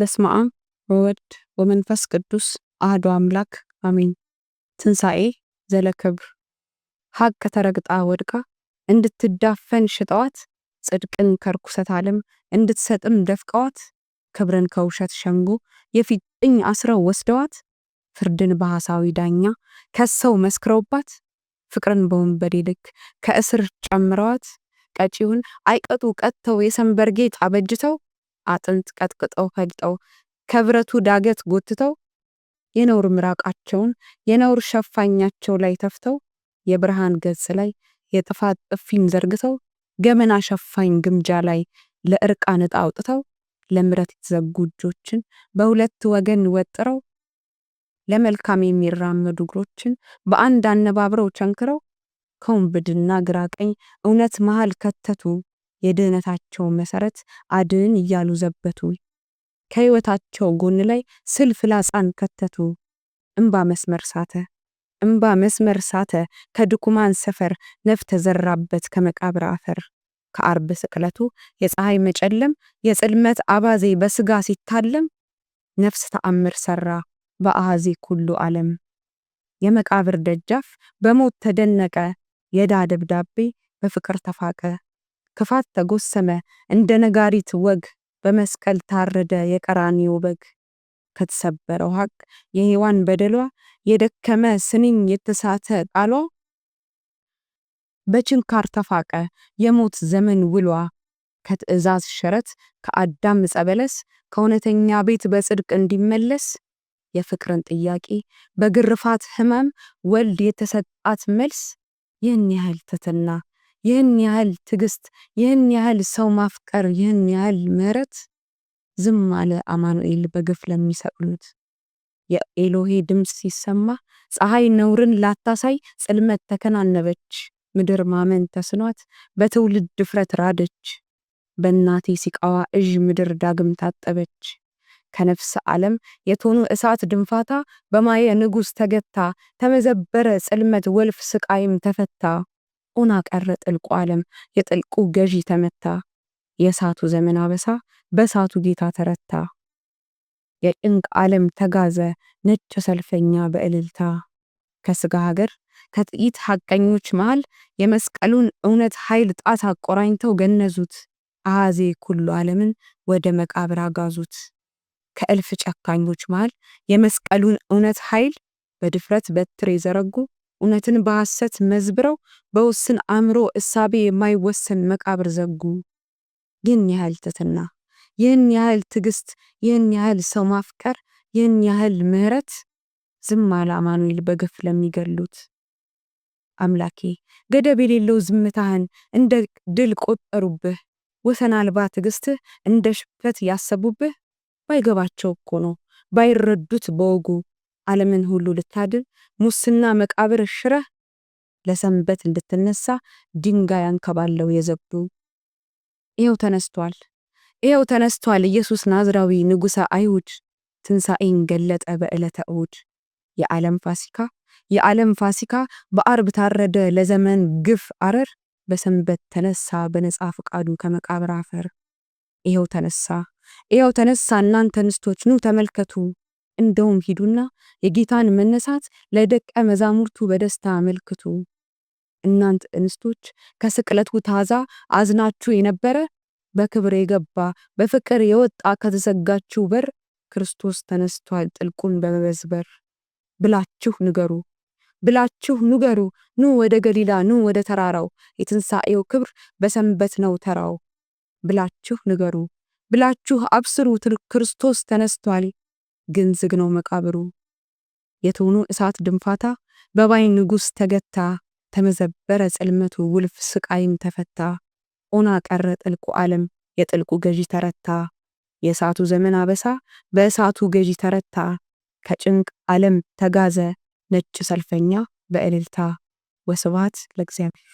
በስመ አብ ወወልድ ወመንፈስ ቅዱስ አህዶ አምላክ አሜን። ትንሣኤ ዘለክብር ሀቅ ተረግጣ ወድቃ እንድትዳፈን ሽጠዋት ጽድቅን ከርኩሰት ዓለም እንድትሰጥም ደፍቀዋት ክብርን ከውሸት ሸንጎ የፊጥኝ አስረው ወስደዋት ፍርድን በሐሳዊ ዳኛ ከሰው መስክረውባት ፍቅርን በወንበዴ ልክ ከእስር ጨምረዋት ቀጪውን አይቀጡ ቀጥተው ጌጥ አበጅተው አጥንት ቀጥቅጠው ፈልጠው ከብረቱ ዳገት ጎትተው የነውር ምራቃቸውን የነውር ሸፋኛቸው ላይ ተፍተው የብርሃን ገጽ ላይ የጥፋት ጥፊን ዘርግተው ገመና ሸፋኝ ግምጃ ላይ ለእርቃን ዕጣ አውጥተው ለምረት የተዘጉ እጆችን በሁለት ወገን ወጥረው ለመልካም የሚራመዱ እግሮችን በአንድ አነባብረው ቸንክረው ከውንብድና ግራ ቀኝ እውነት መሃል ከተቱ። የድህነታቸውን መሰረት አድን እያሉ ዘበቱ። ከህይወታቸው ጎን ላይ ስልፍ ላጻን ከተቱ። እምባ መስመር ሳተ፣ እምባ መስመር ሳተ። ከድኩማን ሰፈር ነፍ ተዘራበት ከመቃብር አፈር። ከአርብ ስቅለቱ የፀሐይ መጨለም የጽልመት አባዜ በስጋ ሲታለም ነፍስ ተአምር ሰራ በአሃዜ ኩሉ ዓለም። የመቃብር ደጃፍ በሞት ተደነቀ። የዳ ደብዳቤ በፍቅር ተፋቀ። ክፋት ተጎሰመ፣ እንደ ነጋሪት ወግ በመስቀል ታረደ የቀራኒው በግ። ከተሰበረው ሀቅ የሔዋን በደሏ የደከመ ስንኝ የተሳተ ቃሏ በችንካር ተፋቀ የሞት ዘመን ውሏ። ከትእዛዝ ሸረት ከአዳም ጸበለስ ከእውነተኛ ቤት በጽድቅ እንዲመለስ የፍቅርን ጥያቄ በግርፋት ህመም ወልድ የተሰጣት መልስ ይህን ያህል ትትና ይህን ያህል ትግስት ይህን ያህል ሰው ማፍቀር፣ ይህን ያህል ምሕረት ዝም አለ አማኑኤል በግፍ ለሚሰቅሉት። የኤሎሄ ድምፅ ሲሰማ ፀሐይ ነውርን ላታሳይ ጽልመት ተከናነበች። ምድር ማመን ተስኗት በትውልድ ድፍረት ራደች። በእናቴ ሲቃዋ እዥ ምድር ዳግም ታጠበች። ከነፍስ ዓለም የቶኑ እሳት ድንፋታ በማየ ንጉሥ ተገታ ተመዘበረ ጽልመት ወልፍ ስቃይም ተፈታ። ሆና ቀረ ጥልቁ ዓለም የጥልቁ ገዢ ተመታ። የእሳቱ ዘመን አበሳ በእሳቱ ጌታ ተረታ። የጭንቅ ዓለም ተጋዘ ነጭ ሰልፈኛ በእልልታ ከስጋ ሀገር ከጥቂት ሐቀኞች መሃል የመስቀሉን እውነት ኃይል ጣት አቆራኝተው ገነዙት። አዜ ኩሉ ዓለምን ወደ መቃብር አጋዙት። ከእልፍ ጨካኞች መሃል የመስቀሉን እውነት ኃይል በድፍረት በትር የዘረጉ እውነትን በሐሰት መዝብረው በውስን አእምሮ እሳቤ የማይወሰን መቃብር ዘጉ። ይህን ያህል ትትና፣ ይህን ያህል ትዕግስት፣ ይህን ያህል ሰው ማፍቀር፣ ይህን ያህል ምህረት ዝም አለ አማኑኤል በግፍ ለሚገሉት። አምላኬ ገደብ የሌለው ዝምታህን እንደ ድል ቆጠሩብህ። ወሰን አልባ ትግስትህ እንደ ሽፈት ያሰቡብህ። ባይገባቸው እኮ ነው ባይረዱት በወጉ ዓለምን ሁሉ ልታድል ሙስና መቃብር ሽረህ ለሰንበት እንድትነሳ ድንጋይ አንከባለው የዘጉ። ይኸው ተነስቷል፣ ይኸው ተነስቷል። ኢየሱስ ናዝራዊ ንጉሠ አይሁድ ትንሣኤን ገለጠ በዕለተ እሑድ። የዓለም ፋሲካ የዓለም ፋሲካ በአርብ ታረደ ለዘመን ግፍ አረር፣ በሰንበት ተነሳ በነፃ ፈቃዱ ከመቃብር አፈር። ይኸው ተነሳ፣ ይኸው ተነሳ። እናንተ ንስቶች ኑ ተመልከቱ። እንደውም ሂዱና የጌታን መነሳት ለደቀ መዛሙርቱ በደስታ አመልክቱ። እናንት እንስቶች ከስቅለቱ ታዛ አዝናችሁ የነበረ በክብር የገባ በፍቅር የወጣ ከተዘጋችው በር ክርስቶስ ተነስቷል ጥልቁን በመበዝበር ብላችሁ ንገሩ ብላችሁ ንገሩ። ኑ ወደ ገሊላ ኑ ወደ ተራራው የትንሣኤው ክብር በሰንበት ነው ተራው ብላችሁ ንገሩ ብላችሁ አብስሩ ክርስቶስ ተነስቷል። ግን ዝግ ነው መቃብሩ። የትውኑ እሳት ድንፋታ በባይ ንጉሥ ተገታ። ተመዘበረ ጽልመቱ ውልፍ ስቃይም ተፈታ። ኦና ቀረ ጥልቁ ዓለም የጥልቁ ገዢ ተረታ። የእሳቱ ዘመን አበሳ በእሳቱ ገዢ ተረታ። ከጭንቅ ዓለም ተጋዘ ነጭ ሰልፈኛ በእልልታ። ወስብሐት ለእግዚአብሔር።